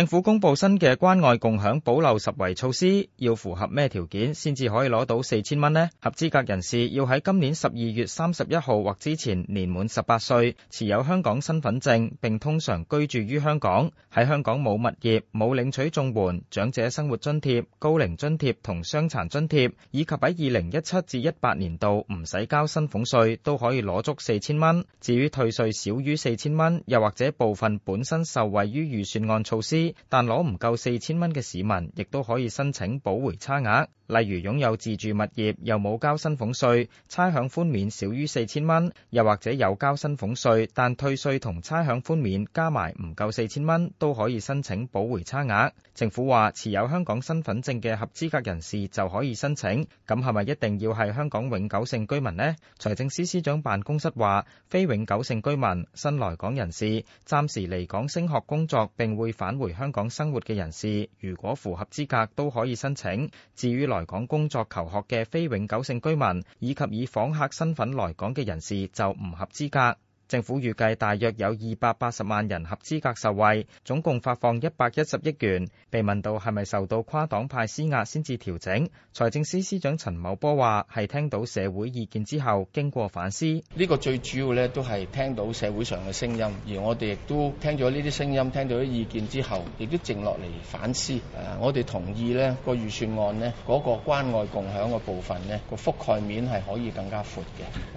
政府公布新嘅關愛共享補漏拾遺措施，要符合咩條件先至可以攞到四千蚊呢？合資格人士要喺今年十二月三十一號或之前年滿十八歲，持有香港身份證，並通常居住於香港，喺香港冇物業、冇領取綜援、長者生活津貼、高齡津貼同傷殘津貼，以及喺二零一七至一八年度唔使交薪俸稅，都可以攞足四千蚊。至於退稅少於四千蚊，又或者部分本身受惠於預算案措施。但攞唔夠四千蚊嘅市民，亦都可以申請補回差額。例如擁有自住物業又冇交薪俸稅，差餉寬免少於四千蚊，又或者有交薪俸稅，但退稅同差餉寬免加埋唔夠四千蚊，都可以申請補回差額。政府話持有香港身份證嘅合資格人士就可以申請，咁係咪一定要係香港永久性居民呢？財政司司長辦公室話，非永久性居民、新來港人士、暫時離港升學工作並會返回香港生活嘅人士，如果符合資格都可以申請。至於來來港工作、求學嘅非永久性居民，以及以訪客身份來港嘅人士就唔合資格。政府預計大約有二百八十萬人合資格受惠，總共發放一百一十億元。被問到係咪受到跨黨派施壓先至調整，財政司司長陳茂波話：係聽到社會意見之後，經過反思，呢個最主要咧都係聽到社會上嘅聲音，而我哋亦都聽咗呢啲聲音，聽到啲意見之後，亦都靜落嚟反思。誒，我哋同意呢個預算案呢，嗰個關愛共享嘅部分呢個覆蓋面係可以更加闊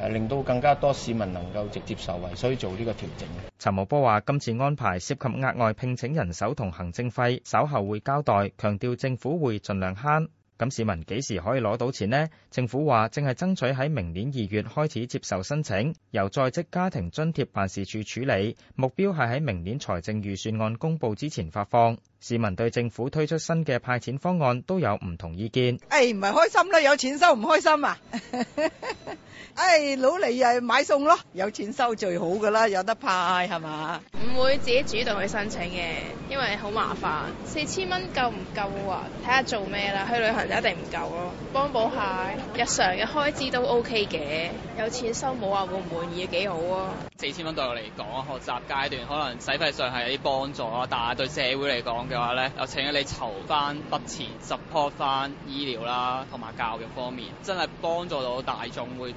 嘅，誒令到更加多市民能夠直接受。需做呢個調整。陳茂波話：今次安排涉及額外聘請人手同行政費，稍後會交代。強調政府會盡量慳。咁市民幾時可以攞到錢呢？政府話正係爭取喺明年二月開始接受申請，由在職家庭津貼辦事處處理，目標係喺明年財政預算案公布之前發放。市民對政府推出新嘅派錢方案都有唔同意見。誒唔係開心啦，有錢收唔開心啊！ 誒攞嚟誒買餸咯，有錢收最好㗎啦，有得派係嘛？唔會自己主動去申請嘅，因為好麻煩。四千蚊夠唔夠啊？睇下做咩啦，去旅行就一定唔夠咯。幫補下日常嘅開支都 OK 嘅，有錢收冇話會唔滿意，幾好啊！四千蚊對我嚟講，學習階段可能使費上係有啲幫助咯，但係對社會嚟講嘅話咧，又請你籌翻筆錢，support 翻醫療啦同埋教育方面，真係幫助到大眾會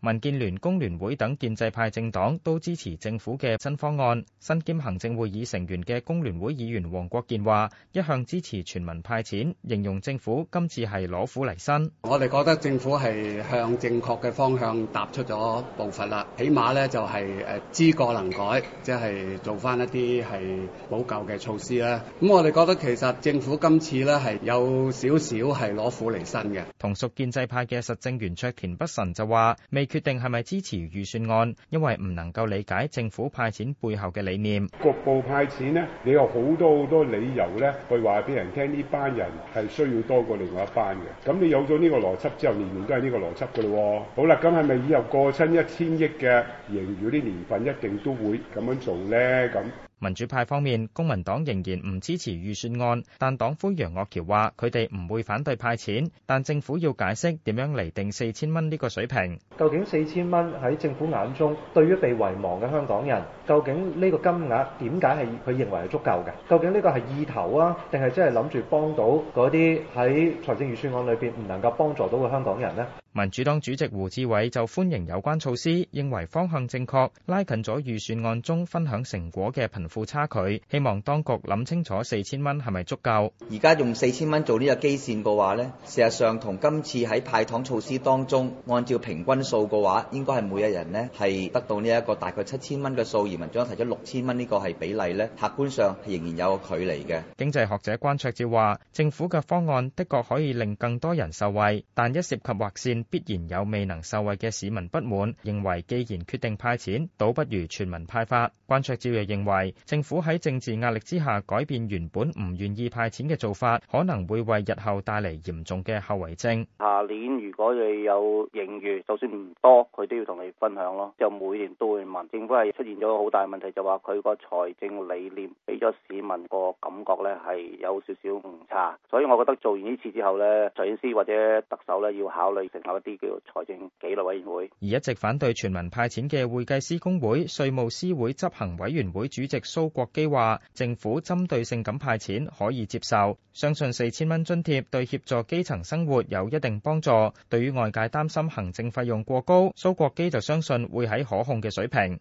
民建聯、工聯會等建制派政黨都支持政府嘅新方案。身兼行政會議成員嘅工聯會議員黃國健話，一向支持全民派錢，形容政府今次係攞苦嚟辛。我哋覺得政府係向正確嘅方向踏出咗步伐啦，起碼呢就係誒知過能改，即係做翻一啲係補救嘅措施啦。咁我哋覺得其實政府今次呢係有少少係攞苦嚟辛嘅。同屬建制派嘅實政圓桌田北辰就話。話未決定係咪支持預算案，因為唔能夠理解政府派錢背後嘅理念。局部派錢呢，你有好多好多理由咧，去話俾人聽呢班人係需要多過另外一班嘅。咁你有咗呢個邏輯之後，年年都係呢個邏輯噶咯。好啦，咁係咪以後過親一千億嘅盈餘啲年份一定都會咁樣做咧？咁？民主派方面，公民黨仍然唔支持預算案，但黨魁楊岳橋話佢哋唔會反對派錢，但政府要解釋點樣嚟定四千蚊呢個水平。究竟四千蚊喺政府眼中對於被遺忘嘅香港人，究竟呢個金額點解係佢認為係足夠嘅？究竟呢個係意頭啊，定係真係諗住幫到嗰啲喺財政預算案裏邊唔能夠幫助到嘅香港人呢？民主黨主席胡志偉就歡迎有關措施，認為方向正確，拉近咗預算案中分享成果嘅貧富差距。希望當局諗清楚四千蚊係咪足夠。而家用四千蚊做呢個基線嘅話呢，事實上同今次喺派糖措施當中，按照平均數嘅話，應該係每一人呢係得到呢一個大概七千蚊嘅數。而民主黨提出六千蚊呢個係比例呢，客觀上仍然有個距離嘅。經濟學者關卓照話，政府嘅方案的確可以令更多人受惠，但一涉及劃線。必然有未能受惠嘅市民不滿，認為既然決定派錢，倒不如全民派發。關焯照又認為，政府喺政治壓力之下改變原本唔願意派錢嘅做法，可能會為日後帶嚟嚴重嘅後遺症。下年如果你有盈餘，就算唔多，佢都要同你分享咯。就每年都會問，政府係出現咗好大問題，就話佢個財政理念俾咗市民個感覺咧，係有少少誤差。所以我覺得做完呢次之後咧，財政司或者特首咧要考慮承受。嗰啲叫財政紀律委員會，而一直反對全民派錢嘅會計師公會、稅務師會執行委員會主席蘇國基話政府針對性咁派錢可以接受，相信四千蚊津貼對協助基層生活有一定幫助。對於外界擔心行政費用過高，蘇國基就相信會喺可控嘅水平。